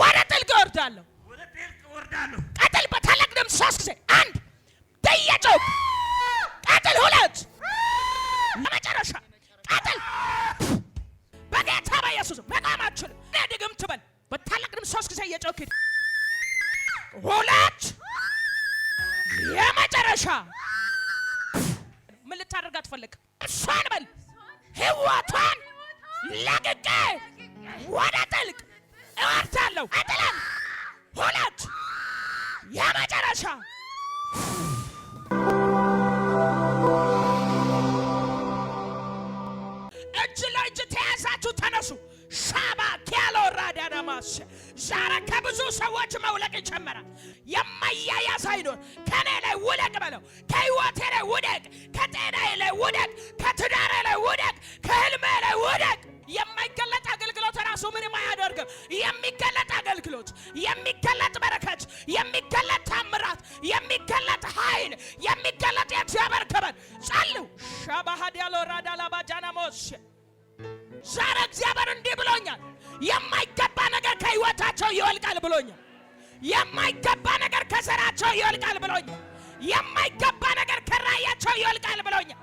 ወደ ጥልቅ እወርዳለሁ። ቀጥል፣ በታላቅ ድምፅ ሶስት ጊዜ አንድ ብየጮሁ ቀጥል፣ ሁለት ለመጨረሻ ቀጥል። በጌታ በኢየሱስ መቆም አትችልም። እኔ ድግም ትበል። በታላቅ ድምፅ ሶስት ጊዜ እየጮህ ሁለት የመጨረሻ ምን ልታደርግ አትፈልግ። እሷን በል ህይወቷን ለቅቄ ወደ ጥልቅ እወርዳለሁ። አጥለም ሁለት የመጨረሻ እጅ ለእጅ ተያዛችሁ ተነሱ። ሻባ ቲያሎ ራዳዳማስ ዛሬ ከብዙ ሰዎች መውለቅ ይጀምራል። የማያያዝ አይኖር። ከኔ ላይ ውደቅ በለው። ከህይወቴ ላይ ውደቅ፣ ከጤናዬ ላይ ውደቅ፣ ከትዳሬ ላይ ውደቅ፣ ከህልሜ ላይ ውደቅ። የማይገለጥ ራሱ ምንም አያደርግም። የሚገለጥ አገልግሎት፣ የሚገለጥ በረከት፣ የሚገለጥ ታምራት፣ የሚገለጥ ኃይል፣ የሚገለጥ የእግዚአብሔር ክብር ጸልው ሻባሃዲያሎ ራዳላባ ዛሬ እግዚአብሔር እንዲህ ብሎኛል። የማይገባ ነገር ከህይወታቸው ይወልቃል ብሎኛል። የማይገባ ነገር ከስራቸው ይወልቃል ብሎኛል። የማይገባ ነገር ከራያቸው ይወልቃል ብሎኛል።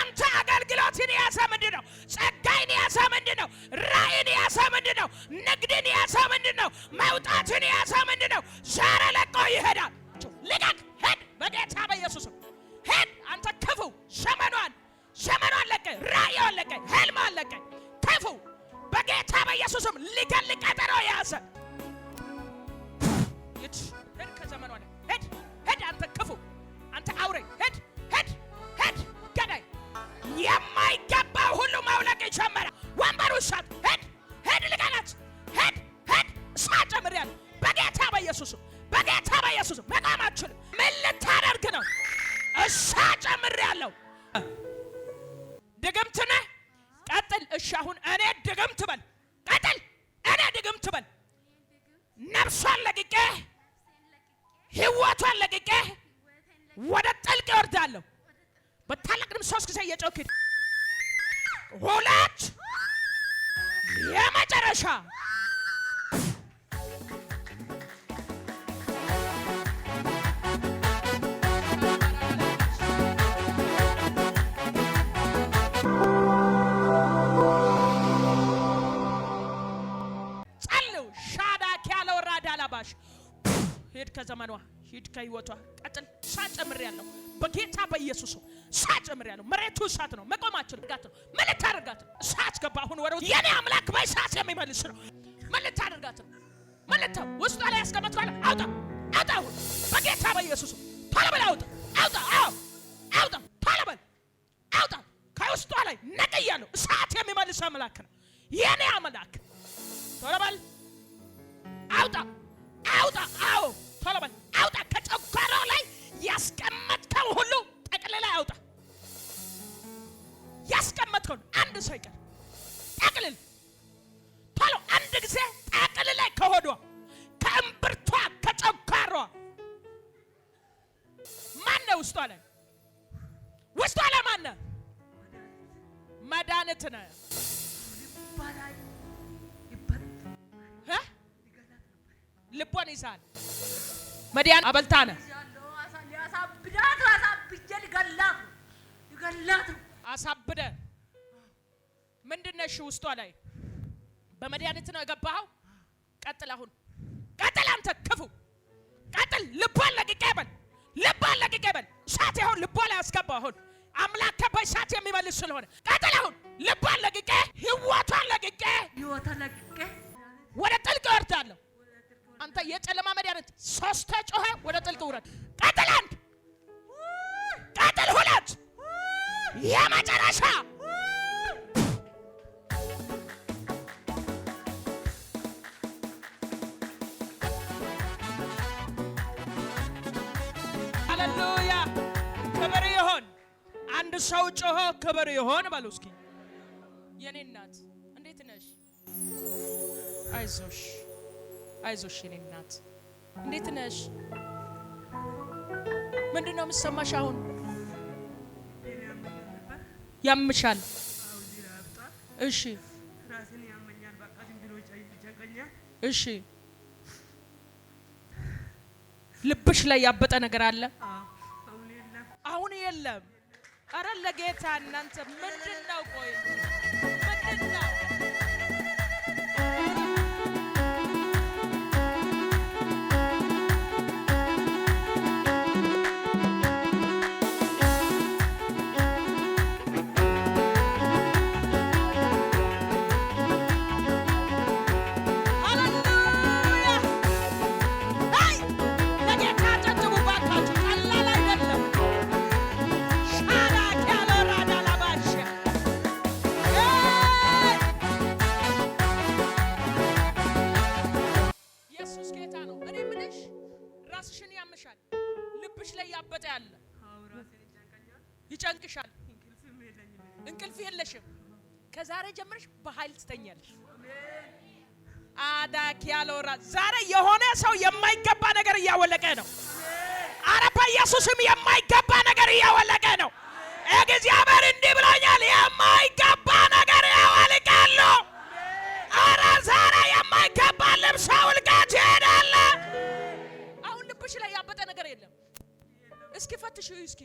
አንተ አገልግሎትን የያዘ ምንድን ነው? ጸጋይን የያዘ ምንድን ነው? ራእይን የያዘ ምንድን ነው? ንግድን የያዘ ምንድን ነው? መውጣትን የያዘ ምንድን ነው? ዛሬ ለቆ ይሄዳል። ልቀቅ፣ ሄድ፣ በጌታ በኢየሱስ ሄድ። አንተ ክፉ ሸመኗን ሸመኗን ለቀኝ፣ ራእይዋን ለቀኝ፣ ህልሟን ለቀኝ። ክፉ በጌታ በኢየሱስም ሊገል ቀጠሮ የያዘ ሄድ፣ ከዘመኗ ሄድ፣ ሄድ። አንተ ክፉ አንተ አውሬ ሄድ የማይገባ ሁሉ ማውለቅ ይጀመረ። ወንበሩ እሳት ሄድ ሄድ፣ ልቀናት ሄድ ሄድ፣ እሳት በጌታ በኢየሱስ በጌታ በኢየሱስ መቃም አችልም። ምን ልታደርግ ነው? እሳት ድግምት ነህ፣ ቀጥል። እሺ አሁን እኔ ድግምት በል፣ ቀጥል። እኔ ድግምት በል። ነፍሷን ለቅቄ ህይወቷን ለቅቄ ወደ ጥልቅ ይወርዳለሁ። በታላቅ ድምፅ ሶስት ጊዜ እየጮክ ሁለት የመጨረሻ ጸልው ከዘመኗ ሂድ ከህይወቷ ቀጥል ሳጨምር ያለው በጌታ በኢየሱስ እሳት ጨምሬያለሁ። መሬቱ እሳት ነው። መቆማችን ጋት ነው። ምን ልታደርጋት ነው? እሳት ገባ። አሁን ወደ የኔ አምላክ ባይ በእሳት የሚመልስ ነው። ምን ልታደርጋት ነው? ምን ልታ ውስጧ ላይ ያስቀመጥኩ አውጣ፣ አውጣ! አሁን በጌታ በኢየሱስ ቶሎ በል አውጣ፣ አውጣ፣ አዎ፣ አውጣ፣ ቶሎ በል አውጣ። ከውስጧ ላይ ነቅያለሁ። እሳት የሚመልስ አምላክ ነው የኔ አምላክ። ቶሎ በል አውጣ፣ አውጣ፣ አዎ፣ ቶሎ በል አውጣ ከጨጓራው ላይ ያስቀመ ያስቀመጥከው አንድ ሰው ይቀር። ጠቅልል ቶሎ አንድ ጊዜ ጠቅልል ላይ ከሆዷ ከእምብርቷ ከጨጓሯ ነው ውስጧ ላይ ውስጧ ላይ ማነ መድኃኒት ነው ልቦን ይዛል መድኃኒት አበልታ ነህ አሳብደ ምንድነሽ? ውስጧ ላይ በመድኃኒት ነው የገባኸው። ቀጥል፣ አሁን ቀጥል፣ አንተ ክፉ ቀጥል። ልቧን ለቅቄ በል፣ ልቧን ለቅቄ በል። እሳት ይሁን ልቧ ላይ አስገባ። አሁን አምላክ ከባይ እሳት የሚመልስ ስለሆነ ቀጥል፣ አሁን ልቧን ለቅቄ፣ ህይወቷን ለቅቄ፣ ህይወቷን ለቅቄ ወደ ጥልቅ እወርዳለሁ። አንተ የጨለማ መድኃኒት ሶስተ ጮኸ፣ ወደ ጥልቅ ውረድ። ቀጥል፣ አንድ ቀጥል፣ ሁለት የመጨረሻ ጮሆ ክብር ይሆን በሉ እስኪ። የኔ እናት እንዴት ነሽ? አይዞሽ አይዞሽ። የኔ እናት እንዴት ነሽ? ምንድን ነው አሁን? ያምሻል? እሺ እሺ ልብሽ ላይ ያበጠ ነገር አለ? አሁን የለም። አረ ለጌታ እናንተ ምንድን ነው ቆይ ይጨንቅሻል፣ እንቅልፍ የለሽም። ከዛሬ ጀምረሽ በኃይል ትተኛለሽ። አዳክ ያለወራ ዛሬ የሆነ ሰው የማይገባ ነገር እያወለቀ ነው። አረ በኢየሱስም የማይገባ ነገር እያወለቀ ነው። እግዚአብሔር እንዲህ ብሎኛል፣ የማይገባ ነገር ያወልቃሉ። አረ ዛሬ የማይገባ ልብስ አውልቃት ይሄዳለ። አሁን ልብሽ ላይ ያበጠ ነገር የለም። እስኪ ፈትሽ እስኪ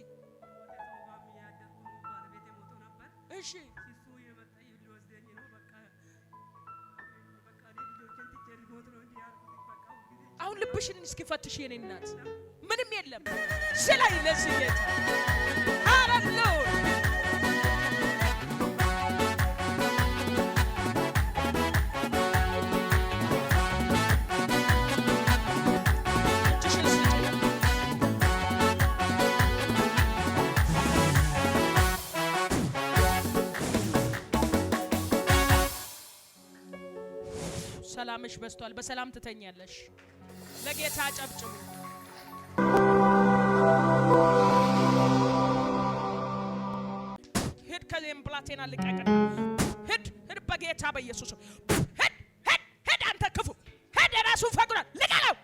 እሺ አሁን ልብሽን እስኪፈትሽ የኔ እናት ምንም የለም ስለይ ለዚህ ጌታ አረሎ ሰላምሽ በዝቷል። በሰላም ትተኛለሽ። ለጌታ አጨብጭቡ። ሂድ ከዚህም ብላቴና ልቀቅ። ሂድ፣ ሂድ በጌታ በኢየሱስ ሂድ፣ ሂድ፣ ሂድ። አንተ ክፉ ሂድ፣ የራሱ ፈጉራል። ልቀለው፣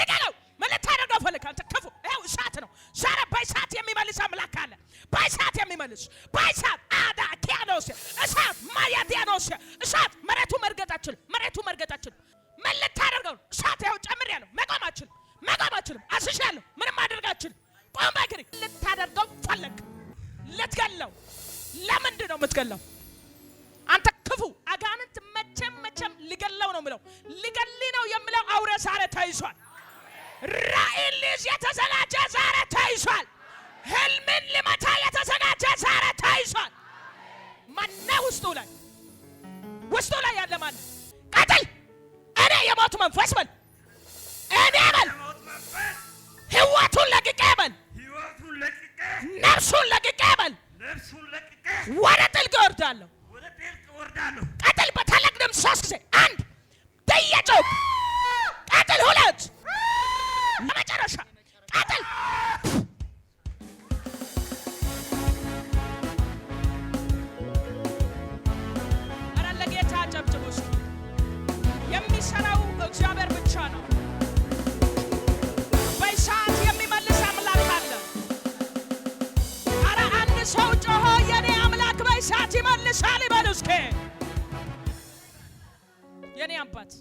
ልቀለው። ምን ልታደርገው ፈልግ አንተ ክፉ። ይኸው እሳት ነው። ዛሬ በእሳት የሚመልስ አምላክ አለ። በእሳት የሚመልስ በእሳት ማያዲያኖስ እሳት ማያዲያኖስ እሳት መሬቱ መርገጣችን መሬቱ መርገጣችን ምን ልታደርገው እሳት ያው ጨምር ያለው መቆማችን መቆማችን አስሻለሁ ምንም አደርጋችን ቆም ባይክሪ ልታደርገው ፈለግ ልትገለው ለምንድን ነው የምትገለው? አንተ ክፉ አጋንንት መቼም መቼም ልገለው ነው የምለው ልገሊ ነው የምለው አውሬ ዛሬ ተይዟል። ራእይ ሊይዝ የተዘጋጀ ዛሬ ተይዟል። ህልምን ልመታ የተዘጋጀ ዛሬ ተይዟል። ማነ ውስጡ ላይ ውስጡ ላይ ያለ ማነ ቀጥል። እኔ የሞቱ መንፈስ በል እኔ በል ህይወቱን ለቅቄ በል ነፍሱን ለቅቄ በል ወደ የሚሰራው እግዚአብሔር ብቻ ነው። በሰዓት የሚመልስ አምላክ አለ። አረ አንድ ሰው ጮሆ የኔ አምላክ በሰዓት ይመልሳል ይበሉ እስኪ። የኔ አባት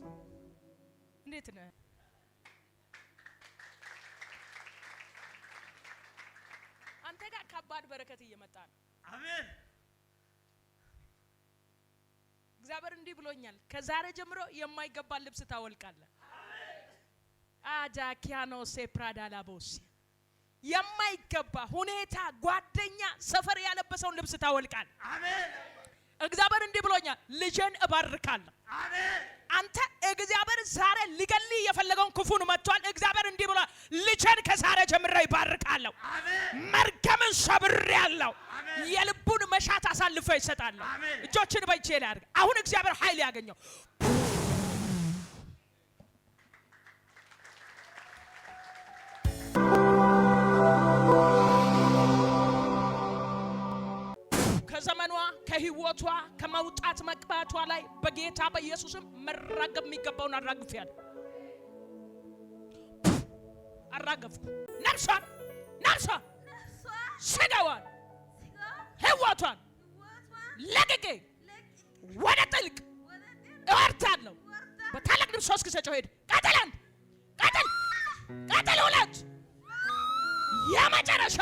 እንዴት ነህ? አንተ ጋር ከባድ በረከት እየመጣ ነው። አሜን እግዚአብሔር እንዲህ ብሎኛል፣ ከዛሬ ጀምሮ የማይገባ ልብስ ታወልቃለህ። አጃኪያኖ ሴፕራዳ ላቦስ የማይገባ ሁኔታ፣ ጓደኛ፣ ሰፈር ያለበሰውን ልብስ ታወልቃለህ። አሜን። እግዚአብሔር እንዲህ ብሎኛል፣ ልጄን እባርካለሁ። አሜን። አንተ እግዚአብሔር ዛሬ ሊገልህ የፈለገውን ክፉን መጥቷል። እግዚአብሔር እንዲህ ብሏል፣ ልጄን ከዛሬ ጀምሬ ይባርካለሁ፣ መርገምን ሰብሬያለሁ፣ የልቡን መሻት አሳልፎ ይሰጣለሁ። እጆችን በእጄ ላይ አድርግ። አሁን እግዚአብሔር ኃይል ያገኘው ከህይወቷ ከመውጣት መቅባቷ ላይ በጌታ በኢየሱስም መራገብ የሚገባውን አራግፍ ያለ አራገፍኩ። ነፍሷን ነፍሷን ስጋዋን ህይወቷን ለቅቄ ወደ ጥልቅ እወርዳለሁ። በታላቅ ድምፅ ሶስት ጊዜ ጮህ ሄድ ቀጠል አንድ ቀጠል ቀጠል ሁለት የመጨረሻ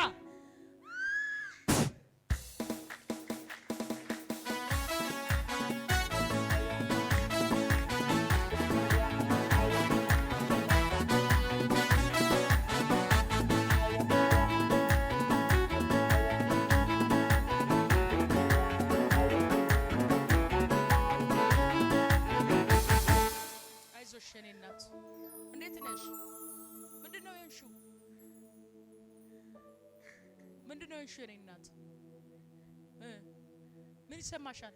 ነው የንሹ? ምንድን ነው የንሹ? የኔ እናት ምን ይሰማሻል?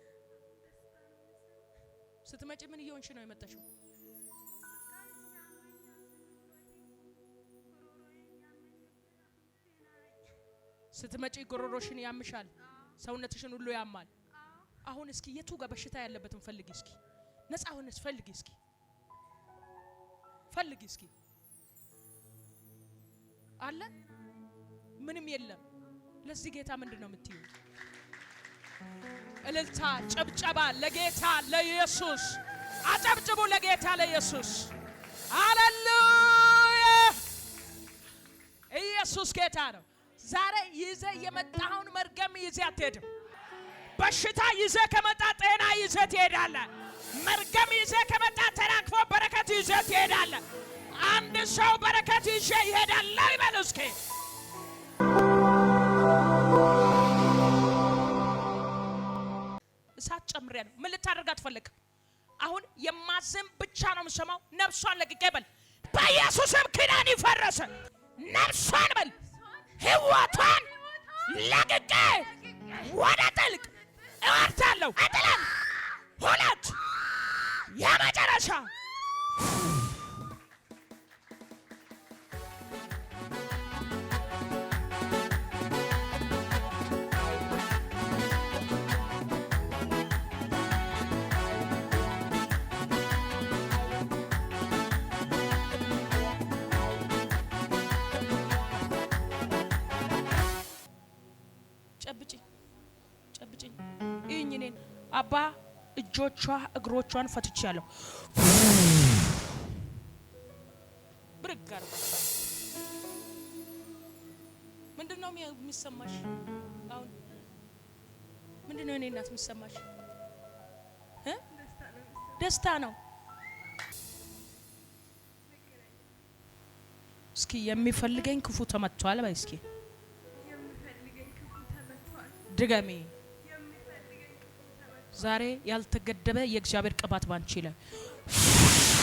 ስትመጪ ምን እየሆንሽ ነው የመጣሽው? ስትመጪ ጎሮሮሽን ያምሻል፣ ሰውነትሽን ሁሉ ያማል። አሁን እስኪ የቱ ጋር በሽታ ያለበትን ፈልጊ እስኪ፣ ነፃ ሆነሽ ፈልጊ እስኪ፣ ፈልጊ እስኪ አለ ምንም የለም። ለዚህ ጌታ ምንድን ነው የምትዩ? እልልታ፣ ጭብጨባ ለጌታ ለኢየሱስ አጨብጭቡ። ለጌታ ለኢየሱስ ሃሌሉያ። ኢየሱስ ጌታ ነው። ዛሬ ይዘ የመጣውን መርገም ይዘ አትሄድም። በሽታ ይዘ ከመጣ ጤና ይዘ ትሄዳለ። መርገም ይዘ ከመጣ ተራክፎ በረከት ይዘ ትሄዳለ። አንድ ሰው በረከት ይዤ ይሄዳል ይበል እስኪ። እሳት ጨምሬያለሁ። ምን ልታደርግ አትፈልግም። አሁን የማዝም ብቻ ነው የምሰማው። ነፍሷን ለቅቄ በል። በኢየሱስም ኪዳን ይፈረሰ። ነፍሷን በል ህይወቷን ለቅቄ ወደ ጥልቅ እወርዳለሁ። አንድ ሁለት የመጨረሻ አባ እጆቿ እግሮቿን ፈትቻለሁ። ብርግ አርጉ። ምንድን ነው የሚሰማሽ አሁን? ምንድን ነው የኔ እናት የሚሰማሽ? ደስታ ነው። እስኪ የሚፈልገኝ ክፉ ተመቷል በይ። እስኪ ድገሜ ዛሬ ያልተገደበ የእግዚአብሔር ቅባት ባንቺ ላይ